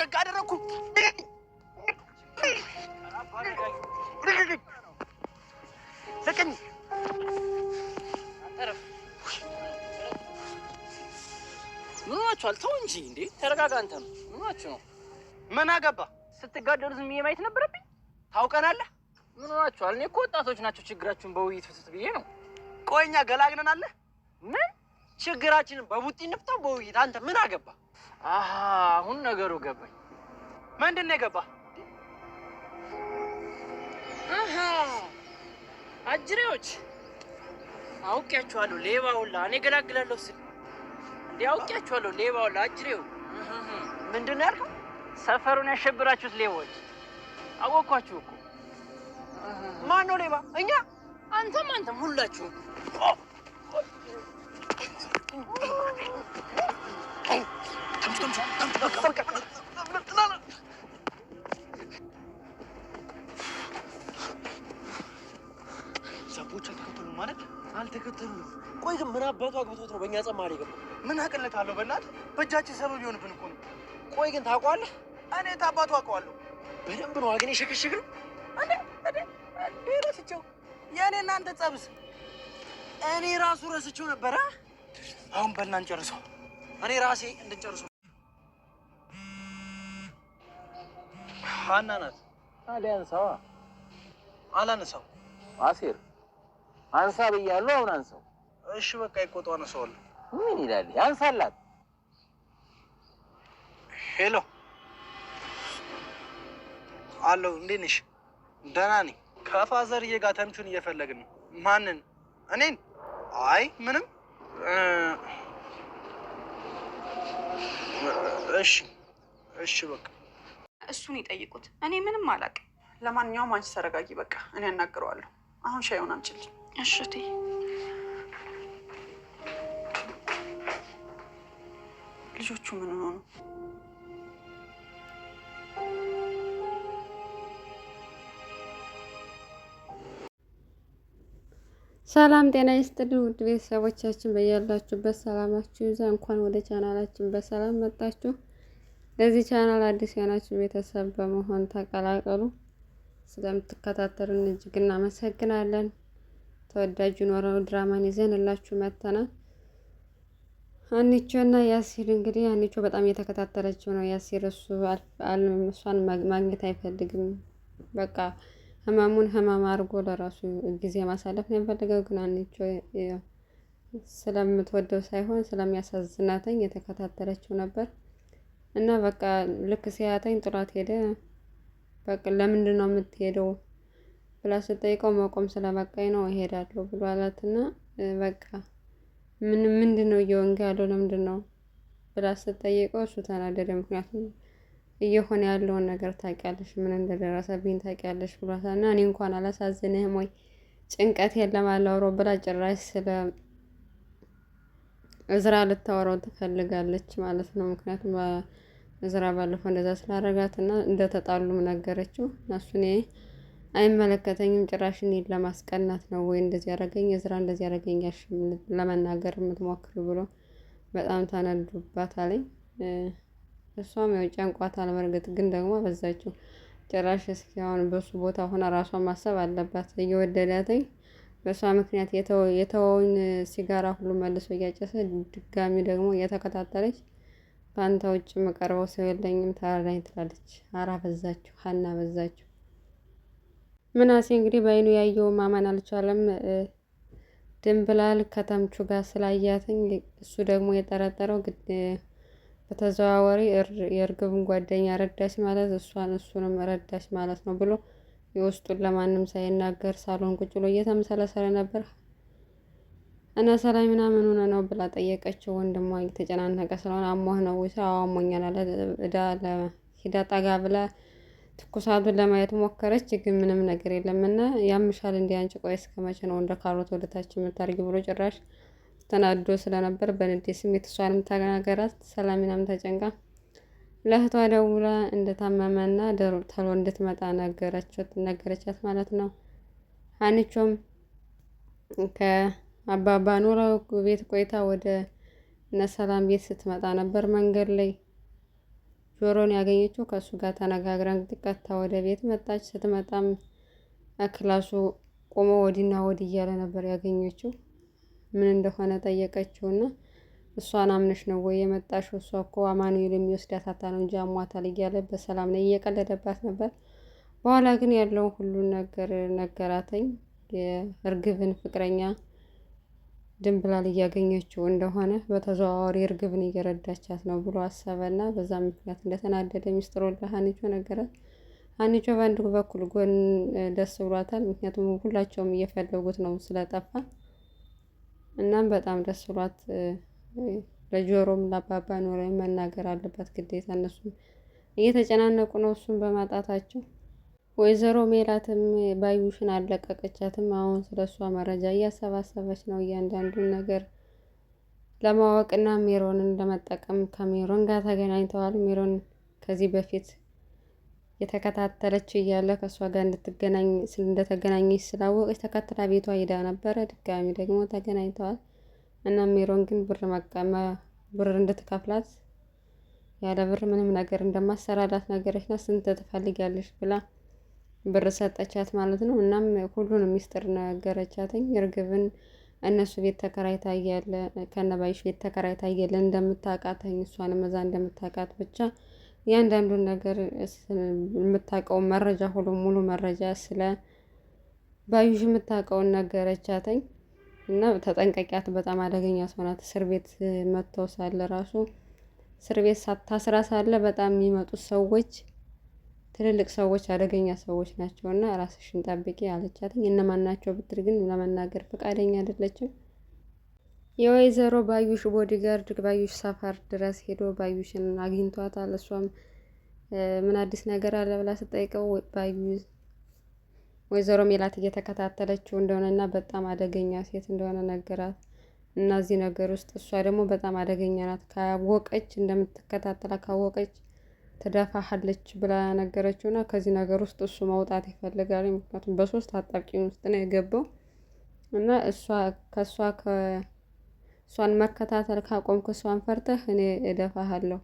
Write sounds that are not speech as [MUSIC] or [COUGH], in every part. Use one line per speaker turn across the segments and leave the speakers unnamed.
ደግ አደረግኩ። ምኗቸዋል? ተው እንጂ እንዴ ተረጋጋ። ነው? ምን አገባ?
ስትጋደሉ ዝም ብዬ ማየት ነበረብኝ? ታውቀናለህ? ምኗቸዋል? እኔ እኮ ወጣቶች ናቸው ችግራችሁን በውይይት ፍቱት ብዬ ነው።
ቆይ እኛ ገላግነናለህ ምን ችግራችንን በቡጢ እንፍታው በውይይት። አንተ ምን አገባ?
አሁን ነገሩ ገባኝ።
ምንድን ነው የገባ? አጅሬዎች አውቄያችኋለሁ። ሌባ ሁላ እኔ ገላግላለሁ ስል እንዲ አውቄያችኋለሁ። ሌባ ሁላ አጅሬው ምንድን ነው ያልከው? ሰፈሩን ያሸብራችሁት ሌባዎች አወኳችሁ እኮ። ማን ነው ሌባ? እኛ፣ አንተም፣ አንተም ሁላችሁ ሰዎች አልተከተሉም ማለት
አልተከተሉም።
ቆይ ግን ምን አባቱ አግብቶት ነው በእኛ ጸማሪ ገባ?
ምን አቅለት አለው? በእናትህ በእጃችን ሰበብ ይሆንብን እኮ ነው።
ቆይ ግን ታውቀዋለህ?
እኔ ታባቱ አውቀዋለሁ
በደንብ ነው። አግኔ ሽክሽክ ነው ረስቸው የእኔ እናንተ ጸብስ እኔ ራሱ ረስቸው ነበረ።
አሁን በእናን ጨርሶ
እኔ ራሴ እንድንጨርሶ ሀና ናት። ታዲያ አንሳዋ። አላነሳው።
አሴር አንሳ ብያለሁ። አሁን አንሳው።
እሺ በቃ ይቆጡ አነሳዋለሁ።
ምን ይላል? ያንሳላት።
ሄሎ አለው። እንዴት ነሽ? ደህና ነኝ። ከፋዘርዬ ጋር ተምቹን እየፈለግን ነው። ማንን? እኔን? አይ ምንም እሺ እሺ በቃ
እሱን ይጠይቁት። እኔ ምንም አላውቅም።
ለማንኛውም አንቺ ተረጋጊ፣ በቃ እኔ አናግረዋለሁ። አሁን ሻይሆን አንችል። እሺ ልጆቹ ምን ሆኑ?
ሰላም ጤና ይስጥልኝ ውድ ቤተሰቦቻችን በያላችሁበት ሰላማችሁ ይዛ እንኳን ወደ ቻናላችን በሰላም መጣችሁ። ለዚህ ቻናል አዲስ የሆናችሁ ቤተሰብ በመሆን ተቀላቀሉ። ስለምትከታተሉን እጅግ እናመሰግናለን። ተወዳጁን ኖረው ድራማን ይዘንላችሁ መጥተናል። አንቾ እና ያሲር እንግዲህ አንቾ በጣም እየተከታተለችው ነው። ያሲር እሱ እሷን ማግኘት አይፈልግም በቃ ህመሙን ህመም አድርጎ ለራሱ ጊዜ ማሳለፍ ነው የምፈልገው። ግን አንቺው ስለምትወደው ሳይሆን ስለሚያሳዝናተኝ የተከታተለችው ነበር እና በቃ ልክ ሲያተኝ ጥሏት ሄደ። በቃ ለምንድን ነው የምትሄደው ብላ ስጠይቀው መቆም ስለበቃኝ ነው እሄዳለሁ ብሏላት አላትና በቃ ምን ምንድን ነው እየወንጋ ያለው ለምንድን ነው ብላ ስጠይቀው እሱ ተናደደ። ምክንያቱም እየሆነ ያለውን ነገር ታውቂያለሽ፣ ምን እንደደረሰብኝ ታውቂያለሽ ብሏታል። እና እኔ እንኳን አላሳዝንህም ወይ ጭንቀት የለም አላውረው ብላ ጭራሽ ስለ እዝራ ልታወራው ትፈልጋለች ማለት ነው። ምክንያቱም እዝራ ባለፈው እንደዛ ስላረጋት እና እንደተጣሉም ነገረችው። እሱን አይመለከተኝም ጭራሽ እኔን ለማስቀናት ነው ወይ እንደዚህ ያደረገኝ እዝራ እንደዚህ ያደረገኝ ያሽ ለመናገር የምትሞክር ብሎ በጣም ታነዱባት አለኝ። እሷም ያው ጨንቋታል። በርግጥ ግን ደግሞ አበዛችው። ጭራሽ እስኪ አሁን በሱ ቦታ ሆና ራሷን ማሰብ አለባት። እየወደዳትኝ በእሷ ምክንያት የተወውን ሲጋራ ሁሉ መልሶ እያጨሰ ድጋሚ ደግሞ እየተከታተለች ከአንተ ውጭ የምቀርበው ሰው የለኝም ተራራኝ ትላለች። አራ በዛችሁ፣ ሀና በዛችሁ። ምናሴ እንግዲህ በአይኑ ያየው ማመን አልቻለም። ድንብላል ከተምቹ ጋር ስላያትኝ እሱ ደግሞ የጠረጠረው በተዘዋዋሪ የእርግብን ጓደኛ ረዳች ማለት እሷን እሱንም ረዳች ማለት ነው ብሎ የውስጡን ለማንም ሳይናገር ሳሎን ቁጭ ብሎ እየተመሰለሰለ ነበር። እና ሰላም ምናምን ሆነ ነው ብላ ጠየቀችው። ወንድሟ የተጨናነቀ ስለሆነ አሞህ ነው ወይ? አዎ አሞኛል አለ። እዳ ለሂዳ ጠጋ ብላ ትኩሳቱን ለማየት ሞከረች፣ ግን ምንም ነገር የለም። እና ያምሻል እንዲያንጭ። ቆይ እስከ መቼ ነው እንደ ካሮት ወደታች የምታርጊ ብሎ ጭራሽ ተናዶ ስለነበር በንዴ ስሜት እሷንም ተናገራት። ሰላሚናም ተጨንቃ ለእህቷ ደውላ እንደታመመና ተሎ እንድትመጣ ነገረቻት ማለት ነው። ሀኒቾም ከአባባ ኖላዊ ቤት ቆይታ ወደ ነሰላም ቤት ስትመጣ ነበር መንገድ ላይ ጆሮን ያገኘችው። ከእሱ ጋር ተነጋግረን ቀጥታ ወደ ቤት መጣች። ስትመጣም ክላሱ ቆሞ ወዲና ወዲ እያለ ነበር ያገኘችው። ምን እንደሆነ ጠየቀችውና እሷን አምነሽ ነው ወይ የመጣሽው? እሷ እኮ አማኑኤል የሚወስዳት አታ ነው እንጂ አሟታል እያለ በሰላም ላይ እየቀለደባት ነበር። በኋላ ግን ያለው ሁሉን ነገር ነገራተኝ። የእርግብን ፍቅረኛ ድንብላል እያገኘችው እንደሆነ በተዘዋዋሪ እርግብን እየረዳቻት ነው ብሎ አሰበና በዛ ምክንያት እንደተናደደ ሚስጥር ወልደ ሀኒቾ ነገራት። ሀኒቾ በአንድ በኩል ጎን ደስ ብሏታል። ምክንያቱም ሁላቸውም እየፈለጉት ነው ስለጠፋ እናም በጣም ደስ ብሏት ለጆሮም ለአባባ ኖረውም መናገር አለባት ግዴታ። እነሱም እየተጨናነቁ ነው እሱን በማጣታቸው። ወይዘሮ ሜላትም ባዩሽን አለቀቀቻትም። አሁን ስለሷ መረጃ እያሰባሰበች ነው። እያንዳንዱን ነገር ለማወቅና ሜሮንን ለመጠቀም ከሜሮን ጋር ተገናኝተዋል። ሜሮን ከዚህ በፊት የተከታተለችው እያለ ከእሷ ጋር እንድትገናኝ እንደተገናኘች ስላወቀች ተከትላ ቤቷ ሄዳ ነበረ። ድጋሚ ደግሞ ተገናኝተዋል እና ሜሮን ግን ብር መቀመ ብር እንድትከፍላት ያለ ብር ምንም ነገር እንደማሰራላት ነገረች እና ስንት ትፈልጊያለሽ ብላ ብር ሰጠቻት ማለት ነው። እናም ሁሉንም ሚስጥር ነገረቻትኝ እርግብን እነሱ ቤት ተከራይታ እያለ ከነባይሽ ቤት ተከራይታ እያለ እንደምታውቃት እሷንም እዛ እንደምታውቃት ብቻ እያንዳንዱን ነገር የምታውቀውን መረጃ ሁሉ ሙሉ መረጃ ስለ ባዩሽ የምታውቀውን ነገረቻተኝ እና ተጠንቀቂያት፣ በጣም አደገኛ ሰው ናት። እስር ቤት መጥተው ሳለ ራሱ እስር ቤት ታስራ ሳለ በጣም የሚመጡት ሰዎች ትልልቅ ሰዎች፣ አደገኛ ሰዎች ናቸው እና ራስሽን ጠብቂ አለቻትኝ። እነማን ናቸው ብትል ግን ለመናገር ፈቃደኛ አይደለችም። የወይዘሮ ባዩሽ ቦዲጋርድ ባዩሽ ሰፈር ድረስ ሄዶ ባዩሽን አግኝቷታል። እሷም ምን አዲስ ነገር አለ ብላ ስጠይቀው ባዩሽ ወይዘሮ ሜላት እየተከታተለችው እንደሆነና በጣም አደገኛ ሴት እንደሆነ ነገራት እና እዚህ ነገር ውስጥ እሷ ደግሞ በጣም አደገኛ ናት፣ ካወቀች እንደምትከታተላ ካወቀች ትደፋሃለች ብላ ነገረችው እና ከዚህ ነገር ውስጥ እሱ መውጣት ይፈልጋል። ምክንያቱም በሶስት አጣብቂኝ ውስጥ ነው የገባው እና እሷ ከእሷ እሷን መከታተል ካቆምክ እሷን ፈርተህ እኔ እደፋሃለሁ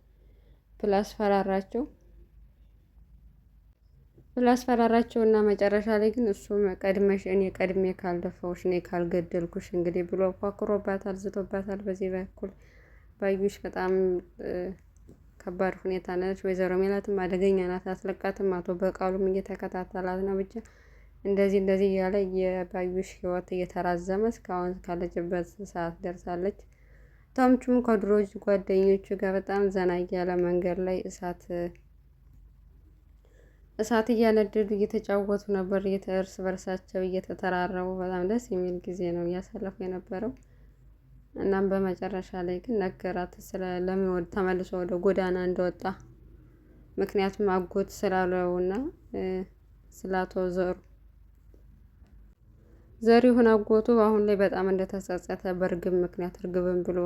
ብላ አስፈራራቸው። ብላ አስፈራራቸው እና መጨረሻ ላይ ግን እሱም ቀድመሽ እኔ ቀድሜ ካልደፈውሽ እኔ ካልገደልኩሽ እንግዲህ ብሎ ፏክሮባታል፣ ዝቶባታል። በዚህ በኩል ባዩሽ በጣም ከባድ ሁኔታ ነች። ወይዘሮ ሜላትም አደገኛ ናት፣ አትለቃትም። አቶ በቃሉም እየተከታተላት ነው ብቻ እንደዚህ እንደዚህ እያለ የባዩሽ ህይወት እየተራዘመ እስካሁን እስካለችበት ሰዓት ደርሳለች። ተምቹም ከድሮ ጓደኞቹ ጋር በጣም ዘና እያለ መንገድ ላይ እሳት እሳት እያነደዱ እየተጫወቱ ነበር። እርስ በርሳቸው እየተተራረቡ በጣም ደስ የሚል ጊዜ ነው እያሳለፉ የነበረው። እናም በመጨረሻ ላይ ግን ነገራት ስለ ለምን ተመልሶ ወደ ጎዳና እንደወጣ ምክንያቱም አጎት ስላለውና ስላቶ ዘሩ ዘሪሁን አጎቱ አሁን ላይ በጣም እንደተጸጸተ በእርግብ ምክንያት እርግብን ብሎ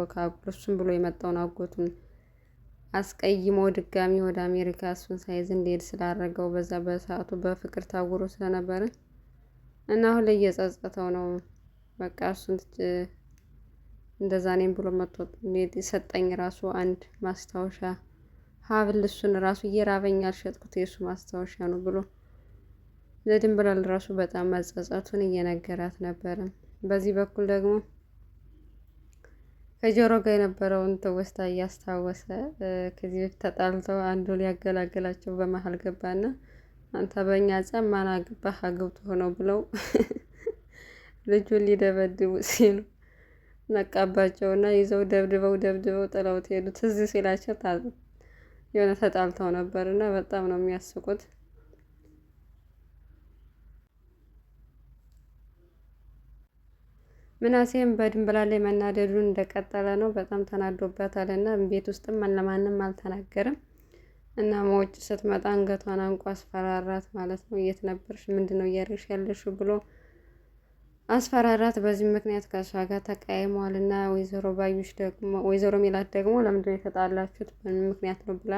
እሱን ብሎ የመጣውን አጎቱን አስቀይሞ ድጋሚ ወደ አሜሪካ እሱን ሳይዝ እንዲሄድ ስላደረገው በዛ በሰዓቱ በፍቅር ታውሮ ስለነበረ እና አሁን ላይ እየጸጸተው ነው። በቃ እሱን እንደዛ እኔም ብሎ መጥቶ ሰጠኝ ራሱ አንድ ማስታወሻ ሀብል እሱን ራሱ እየራበኝ አልሸጥኩት የእሱ ማስታወሻ ነው ብሎ ለድንብላል ራሱ በጣም መጸጸቱን እየነገራት ነበረ። በዚህ በኩል ደግሞ ከጆሮ ጋር የነበረውን ትውስታ እያስታወሰ ከዚህ በፊት ተጣልተው አንዱ ሊያገላግላቸው በመሀል ገባና አንተ በእኛ ጸብ ማን አግባህ አግብቶ ሆነው ብለው [LAUGHS] ልጁን ሊደበድቡ ሲሉ ነቃባቸውና ይዘው ደብድበው ደብድበው ጥለውት ሄዱ። ትዝ ሲላቸው የሆነ ተጣልተው ነበርና በጣም ነው የሚያስቁት። ምናሴም በድንብላል ላይ መናደዱን እንደቀጠለ ነው። በጣም ተናዶበታል እና ቤት ውስጥም ለማንም አልተናገርም እና መውጭ ስትመጣ አንገቷን አንቆ አስፈራራት ማለት ነው። የት ነበርሽ? ምንድን ነው እያደረግሽ ያለሽው? ብሎ አስፈራራት። በዚህ ምክንያት ከእሷ ጋር ተቀያይመዋል እና ወይዘሮ ባዩሽ ደግሞ ወይዘሮ ሜላት ደግሞ ለምንድነው የተጣላችሁት? በምን ምክንያት ነው ብላ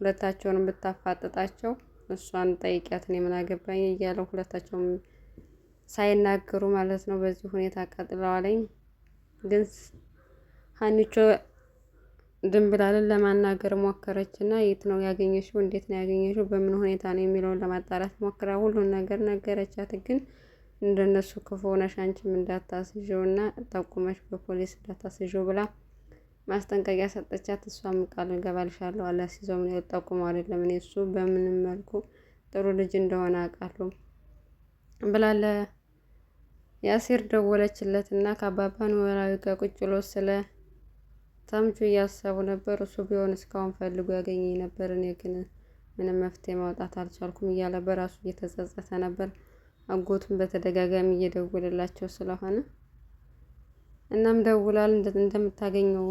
ሁለታቸውን ብታፋጥጣቸው እሷን ጠይቂያትን የምናገባኝ እያለው ሁለታቸውም ሳይናገሩ ማለት ነው። በዚህ ሁኔታ አቃጥለዋለኝ። ግን ሀኒቾ ድንብላልን ለማናገር ሞከረች እና የት ነው ያገኘሽው? እንዴት ነው ያገኘሽው? በምን ሁኔታ ነው የሚለውን ለማጣራት ሞክራ ሁሉን ነገር ነገረቻት። ግን እንደነሱ ክፉ ነሽ አንቺም እንዳታስዥው እና ጠቁመሽ በፖሊስ እንዳታስዥው ብላ ማስጠንቀቂያ ሰጠቻት። እሷም ቃል እገባልሻለሁ አላስይዘው ምን ጠቁመው አይደለም እኔ እሱ በምንም መልኩ ጥሩ ልጅ እንደሆነ አውቃለሁ ብላለ የአሲር ደወለችለት እና ከአባባ ኖላዊ ጋር ቁጭ ብሎ ስለ ተምቹ እያሰቡ ነበር። እሱ ቢሆን እስካሁን ፈልጎ ያገኘኝ ነበር፣ እኔ ግን ምንም መፍትሄ ማውጣት አልቻልኩም እያለ በራሱ እየተጸጸተ ነበር። አጎቱን በተደጋጋሚ እየደወለላቸው ስለሆነ እናም ደውላል እንደምታገኘው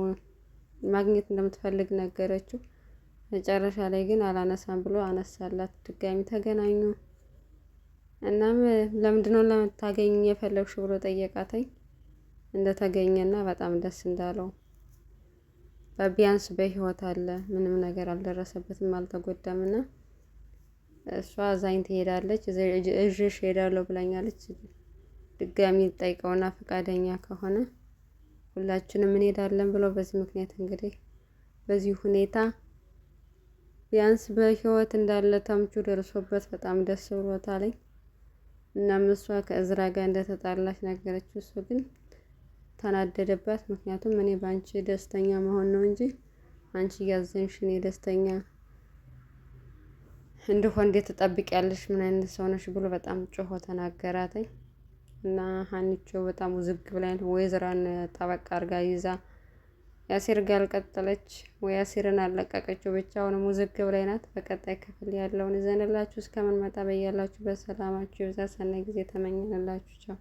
ማግኘት እንደምትፈልግ ነገረችው። መጨረሻ ላይ ግን አላነሳም ብሎ አነሳላት። ድጋሚ ተገናኙ። እናም ለምንድነው ለምታገኝ የፈለግሽ ብሎ ጠየቃተኝ። እንደተገኘና በጣም ደስ እንዳለው ቢያንስ በህይወት አለ፣ ምንም ነገር አልደረሰበትም፣ አልተጎዳም። እና እሷ እዛኝ ትሄዳለች፣ እዥሽ ሄዳለሁ ብላኛለች። ድጋሚ ጠይቀውና ፈቃደኛ ከሆነ ሁላችንም እንሄዳለን ብለው በዚህ ምክንያት እንግዲህ በዚህ ሁኔታ ቢያንስ በህይወት እንዳለ ተምቹ ደርሶበት በጣም ደስ ብሎታለኝ። እናም እሷ ከእዝራ ጋር እንደተጣላች ነገረችው። እሱ ግን ተናደደባት። ምክንያቱም እኔ በአንቺ ደስተኛ መሆን ነው እንጂ አንቺ እያዘንሽ እኔ ደስተኛ እንደሆን እንዴት ትጠብቂያለሽ? ምን አይነት ሰው ነሽ? ብሎ በጣም ጮሆ ተናገራተኝ እና ሀኒቾ በጣም ውዝግብ ላይ ወይዘራን ጠበቃ አርጋ ይዛ ያሲር ጋር አልቀጠለች ወይ አሲርን አለቀቀችው፣ ብቻ አሁንም ውዝግብ ላይ ናት። በቀጣይ ክፍል ያለውን ይዘንላችሁ እስከምንመጣ በያላችሁ በሰላማችሁ ይብዛ። ሰናይ ጊዜ ተመኘንላችሁ። ቻው